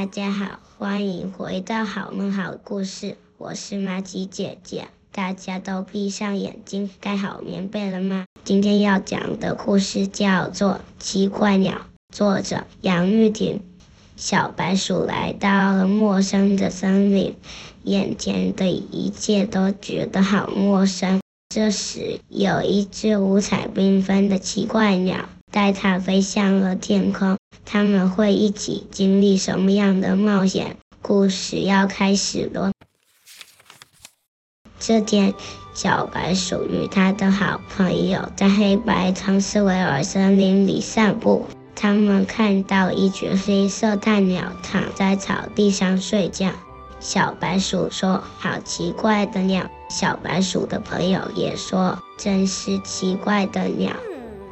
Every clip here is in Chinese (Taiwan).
大家好，歡迎回到好夢好故事，我是瑪吉姐姐。大家都閉上眼睛，蓋好棉被了嗎？今天要講的故事叫做《奇怪鳥》，作者楊淯婷。小白鼠來到了陌生的森林，眼前的一切都覺得好陌生。這時，有一隻五彩繽紛的奇怪鳥，帶它飛向了天空。他們會一起經歷什麼樣的冒險？故事要開始了。這天，小白鼠與他的好朋友在黑白湯斯維爾森林裡散步。他們看到一群黑色大鳥躺在草地上睡覺。小白鼠說：“好奇怪的鳥。”小白鼠的朋友也說：“真是奇怪的鳥。”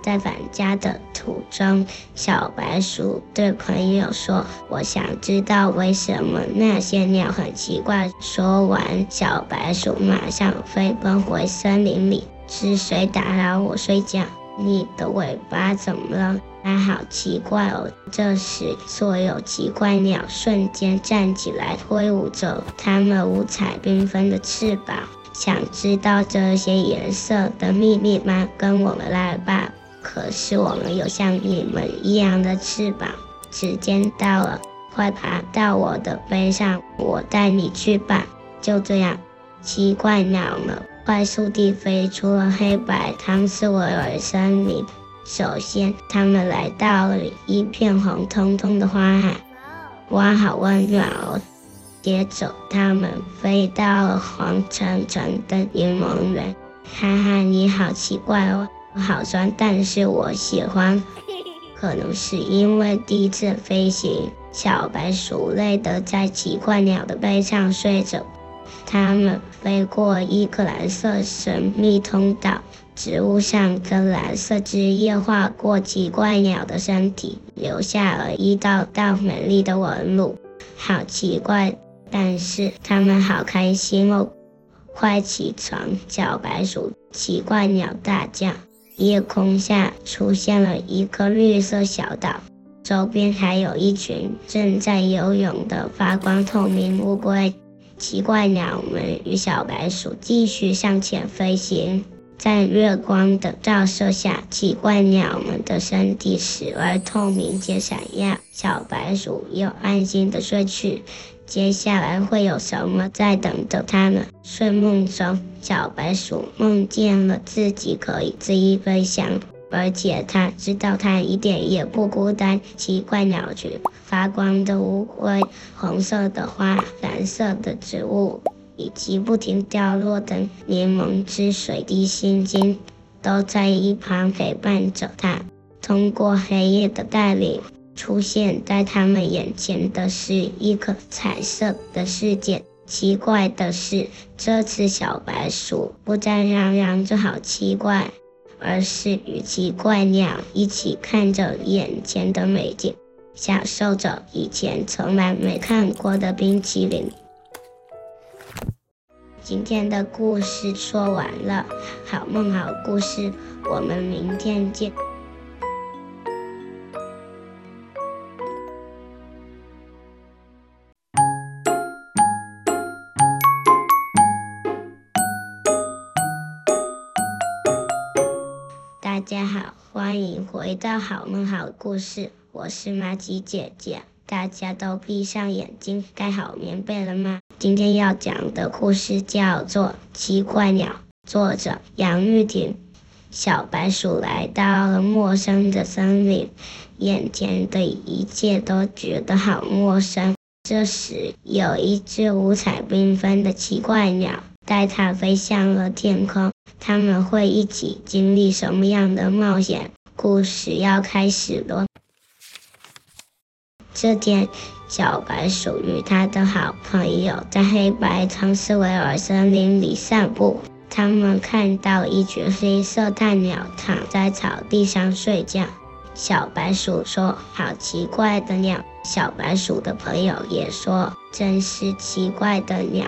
在返家的途中，小白鼠對朋友說：“我想知道為什麼那些鳥很奇怪。”說完，小白鼠馬上飛奔回森林裡。是誰打擾我睡覺？你的尾巴怎麼了？哎，好奇怪哦！這時，所有奇怪鳥瞬間站起來，揮舞着它們五彩繽紛的翅膀。想知道這些顏色的秘密嗎？跟我們來吧！可是我們有像你們一樣的翅膀，時間到了，快爬到我的背上，我帶你去吧。就這樣，奇怪鳥們快速地飛出了黑白湯斯維爾森林。首先，他們來到了一片紅彤彤的花海，哇，好溫暖哦！接着，他們飛到了黃澄澄的檸檬園，哈哈，你好奇怪哦。好酸，但是我喜歡。可能是因為第一次飛行，小白鼠累得，在奇怪鳥的背上睡着。他們飛過一個藍色神秘通道，植物上跟藍色汁液劃過奇怪鳥的身體，留下了一道道美麗的紋路。好奇怪，但是他們好開心哦！快起床，小白鼠！奇怪鳥大叫。夜空下出現了一個綠色小島，週邊還有一群正在游泳的發光透明烏龜。奇怪鳥們與小白鼠繼續向前飛行。在月光的照射下，奇怪鳥們的身體時而透明且閃耀。小白鼠又安心地睡去。接下來會有什麼在等着它呢？睡夢中，小白鼠夢見了自己可以恣意飛翔，而且它知道它一點也不孤單。奇怪鳥群，發光的烏龜，紅色的花，藍色的植物。以及不停掉落的檸檬汁水滴心經，都在一旁陪伴着他。通過黑夜的帶領，出現在他們眼前的是一個彩色的世界。奇怪的是，這只小白鼠不再嚷嚷着好奇怪，而是與奇怪鳥一起看着眼前的美景，享受着以前從來沒看過的冰淇淋。今天的故事說完了，好夢好故事，我們明天見。大家好，歡迎回到《好夢好故事》，我是瑪吉姐姐。大家都閉上眼睛，蓋好棉被了嗎？今天要講的故事叫做《奇怪鳥》，作者楊淯婷。小白鼠來到了陌生的森林，眼前的一切都覺得好陌生。這時，有一隻五彩繽紛的奇怪鳥帶它飛向了天空。他們會一起經歷什麼樣的冒險？故事要開始了。這天，小白鼠與他的好朋友在黑白湯斯維爾森林裡散步。他們看到一群黑色大鳥躺在草地上睡覺。小白鼠說：“好奇怪的鳥！”小白鼠的朋友也說：“真是奇怪的鳥！”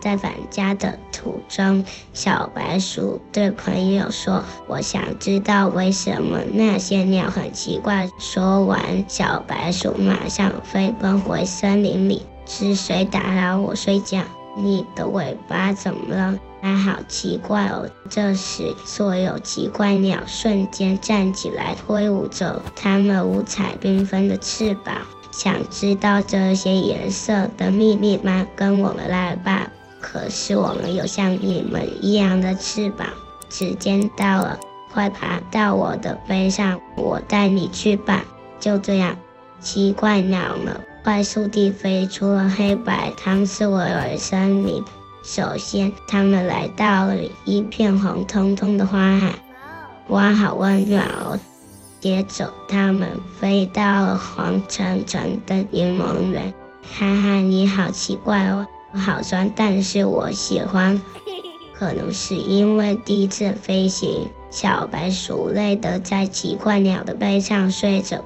在返家的途中，小白鼠對朋友說：“我想知道為什麼那些鳥很奇怪。”說完，小白鼠馬上飛奔回森林裡：“是誰打擾我睡覺？你的尾巴怎麼了？它好奇怪哦！”這時，所有奇怪鳥瞬間站起來，揮舞着它們五彩繽紛的翅膀。想知道這些顏色的秘密嗎？跟我們來吧！可是我們有像你們一樣的翅膀。時間到了，快爬到我的背上，我帶你去吧。就這樣，奇怪鳥們快速地飛出了黑白湯斯維爾森林。首先，他們來到了一片紅彤彤的花海。哇，好溫暖哦！接着，他們飛到了黃澄澄的檸檬園。哈哈，你好奇怪哦。好酸，但是我喜歡。可能是因為第一次飛行，小白鼠累得在奇怪鳥的背上睡着。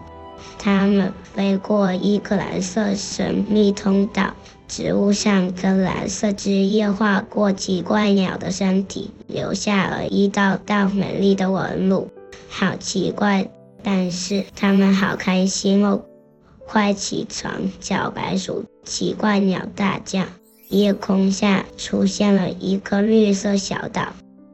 它們飛過一個藍色神秘通道，植物上跟藍色枝葉劃過奇怪鳥的身體，留下了一道道美麗的紋路。好奇怪，但是它們好開心哦！快起床，小白鼠！奇怪鳥大叫。夜空下出現了一個綠色小島，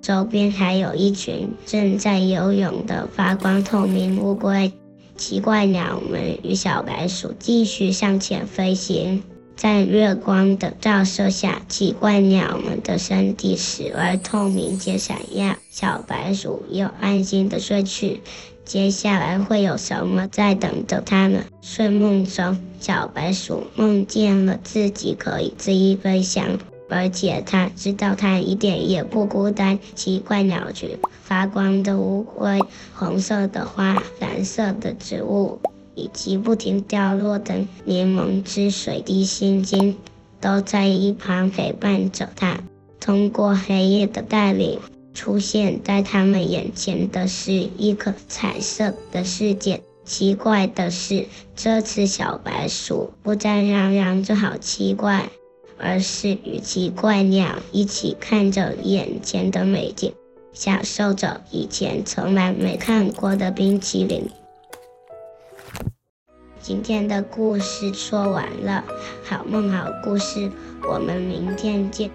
周邊還有一群正在游泳的發光透明烏龜。奇怪鳥們與小白鼠繼續向前飛行。在月光的照射下，奇怪鳥們的身體時而透明且閃耀。小白鼠又安心地睡去。接下來會有什麼在等着它呢？睡夢中，小白鼠夢見了自己可以自由飛翔，而且它知道它一點也不孤單。奇怪鳥群、發光的烏龜、紅色的花、藍色的植物。以及不停掉落的檸檬汁水滴心經，都在一旁陪伴着他。通過黑夜的帶領，出現在他們眼前的是一顆彩色的世界。奇怪的是，這次小白鼠不再嚷嚷着好奇怪，而是與奇怪鳥一起看着眼前的美景，享受着以前從來沒看過的冰淇淋。今天的故事說完了，好夢好故事，我們明天見。